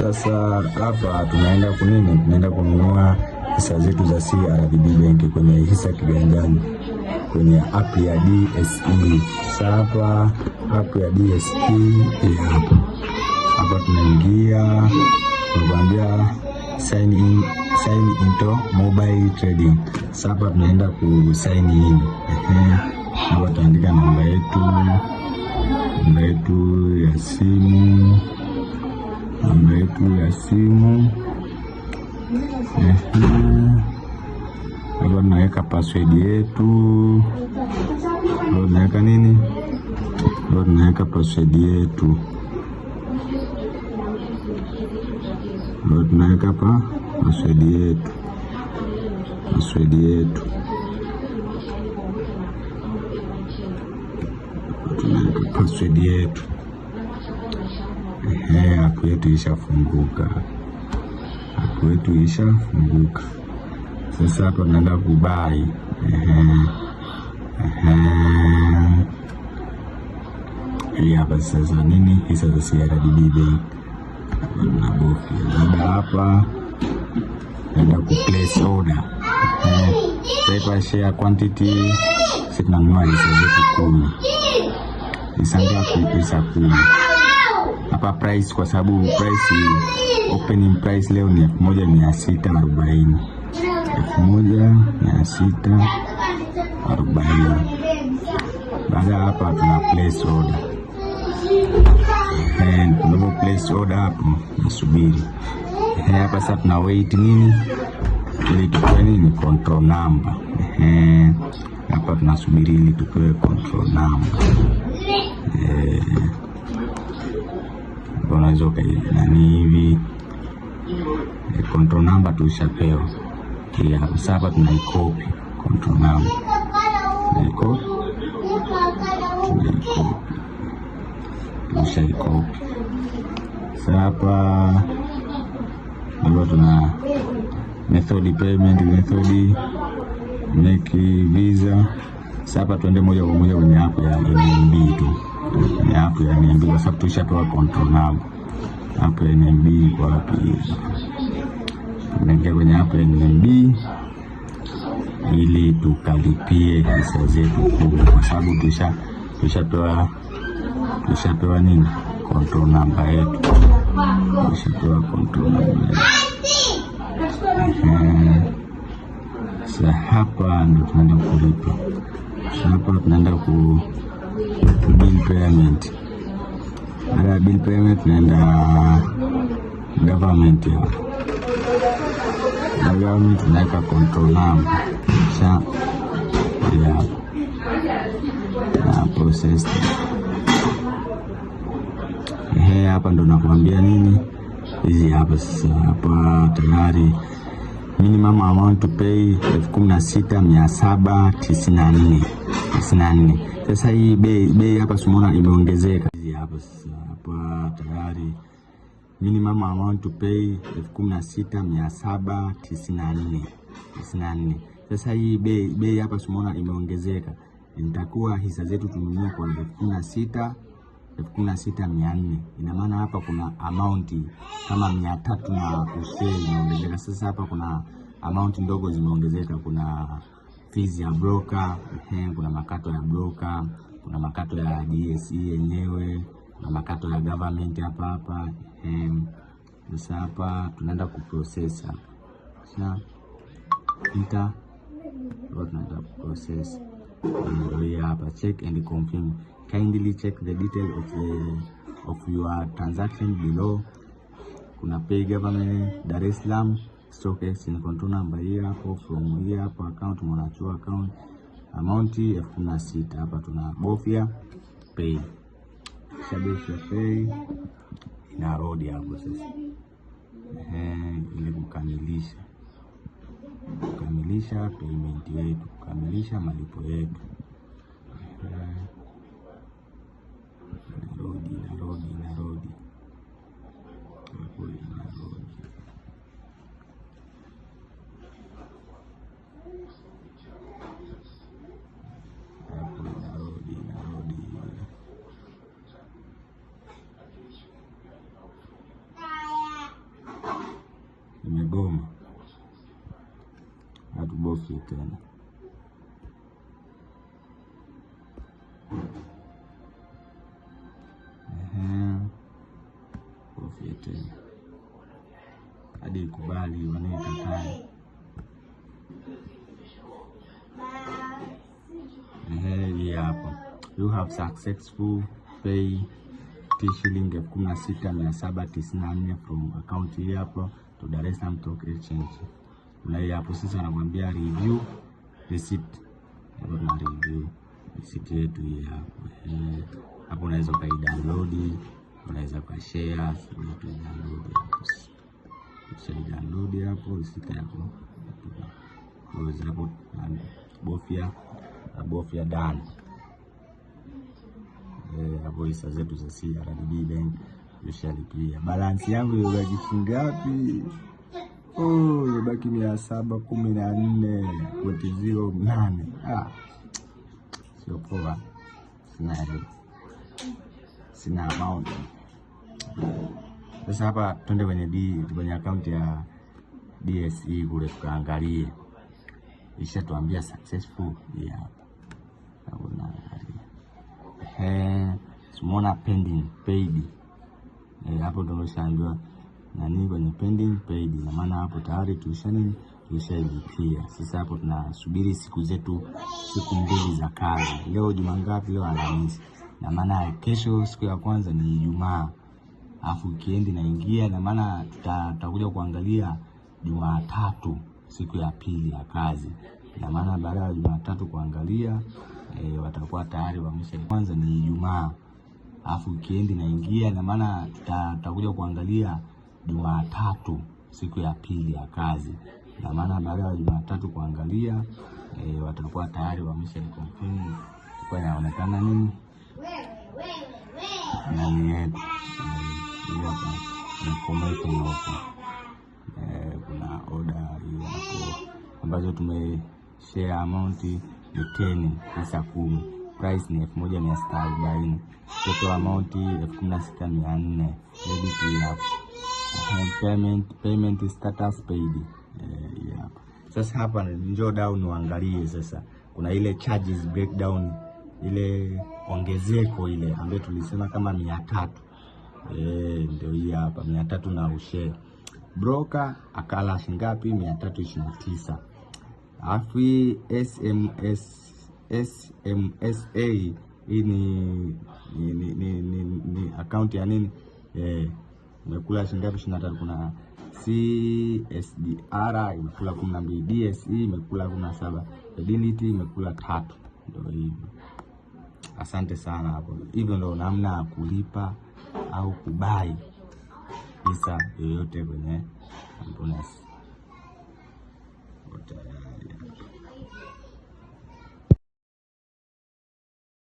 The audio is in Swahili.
Sasa hapa tunaenda kunini? Tunaenda kununua hisa zetu za CRDB benki kwenye hisa kiganjani kwenye app ya DSE. Sasa hapa app ya DSE hapa hapa, tunaingia tunakwambia sign in, sign into mobile trading. Sasa hapa tunaenda ku sign in hapa, tunaandika namba yetu namba yetu ya simu namba yetu ya simu hapa, eh, tunaweka password yetu, ndio tunaweka nini, ndio tunaweka password yetu, ndio tunaweka hapa password yetu, password yetu tunaweka password yetu Eh, apu yetu ishafunguka, apu yetu ishafunguka. Sasa naenda kubai hii hapa sasa nini, hisa za CRDB Bank nabofya. Baada hapa naenda ku place order paper share quantity, sisi tunanunua hisa zetu kumi, hisa ngapi? Hisa kumi hapa price, kwa sababu price opening price leo ni elfu moja mia sita arobaini elfu moja mia sita arobaini Baada ya hapa tuna place order, tunapo place order hapo nasubiri hapa sasa, tuna wait nini ili tupewe nini control number. Hapa tunasubiri ili tupewe control number unaweza ukainani hivi e, control number tulishapewa kia saba, tunaikopi control number, tunaikopi tunaikopi, tulishaikopi. Sasa hapa tuna method payment, method make visa. Sasa hapa tuende moja kwa moja kwenye app ya NMB tu hapo ya NMB kwa sababu tushapewa control namba hapo ya NMB. Iko wapi? Tunaingia kwenye hapo ya NMB ili tukalipie hisa zetu kubwa, kwa sababu tulisha tulishapewa tulishapewa nini, control namba yetu, tushapewa control namba yetu. Sasa eh, hapa ndo tunaenda kulipa, hapa tunaenda ku bill payment. Baada ya bill payment, naenda uh, government. Na government naweka control number, kisha na process. Ehe, hapa ndo nakwambia nini, hizi hapa sasa. Hapa tayari minimum amount to pay elfu kumi na sita mia saba tisini na nne hamsini na nne. Sasa hii bei bei hapa simona imeongezeka hapa sasa, hapa tayari minimum amount to pay elfu kumi na sita mia saba tisini na nne Sasa hii bei bei hapa simona imeongezeka, nitakuwa hisa zetu tununua kwa elfu kumi na sita elfu kumi na sita mia nne. Ina maana hapa kuna amount kama mia tatu na kusei imeongezeka. Sasa hapa kuna amount ndogo zimeongezeka kuna fees ya broker, kuna makato ya broker, kuna makato ya DSE yenyewe, kuna makato ya government hapa hapa. Sasa hapa tunaenda kuprocessor. Sasa enter tunaenda kuprocess ndio hapa, check and confirm. Kindly check the detail of the of your transaction below. Kuna pay government Dar es Salaam stock exchange control number hii hapo, from hii hapo account mwanachua account amount elfu kumi na sita hapa tunabofya pay, kishabofya pay inarodi hapo sasa ili kukamilisha kukamilisha payment yetu, kukamilisha malipo yetu. imegoma, hatubofye tena. Bofye tena hadi ikubali wanaekataa. Hii hapo, you have successful pay shilingi elfu kumi na sita mia saba tisini na nne from account hii hapo to Dar es Salaam Stock Exchange. Tunai hapo sisi anamwambia review receipt. Hapo tuna review receipt yetu hii hapo. Hapo unaweza kai download, unaweza ka share, sisi tu download hapo. ni download hapo receipt yako. Unaweza hapo bofia bofia done. Eh, hapo hisa zetu za CRDB Bank ushalipia balansi yangu ilibaki shingapi? Oh, ilibaki mia saba kumi na nne pointi ziro nane. Ah, sio poa, sina sina amount. Sasa hapa twende kwenye D, kwenye akaunti ya DSE kule tukaangalie, ishatuambia successful hii hapa naona, ehe, tumeona pending paid Eh, hapo ndo umeshaambiwa nani kwenye pending paid, na maana hapo tayari tulishani tulishailipia. Sasa hapo tunasubiri siku zetu, siku mbili za kazi. Leo juma ngapi? Leo Alhamisi, na maana kesho siku ya kwanza ni Ijumaa, afu kiendi naingia, na maana tutakuja kuangalia Jumatatu siku ya pili ya kazi, na maana baada ya Jumatatu kuangalia e, watakuwa tayari wamesha. Kwanza ni Ijumaa alafu wikendi naingia, ina maana tutakuja kuangalia Jumatatu, siku ya pili ya kazi. Ina maana baada ya Jumatatu kuangalia e, watakuwa tayari wamesha confirm kwa inaonekana nini nani yetu komekenopo e, kuna oda ambazo tumeshare amount ni teni hasa kumi price ni elfu moja mia sita arobaini total amount elfu kumi na sita mia nne payment payment status paid eh, yeah. Sasa hapa njoo down uangalie sasa, kuna ile charges breakdown ile ongezeko ile ambayo tulisema kama mia tatu eh, ndio hii hapa mia tatu na ushe broker akala shingapi? mia tatu ishirini na tisa alafu SMS SMSA hii ni, ni, ni, ni, ni, ni akaunti ya nini eh, imekula shingapi? ishirini na tatu. Kuna CSDR imekula kumi na mbili, DSE imekula kumi na saba, imekula tatu. Ndio hivyo. Asante sana hapo. Hivyo ndio namna ya kulipa au kubai pesa yoyote kwenye Mbonesi.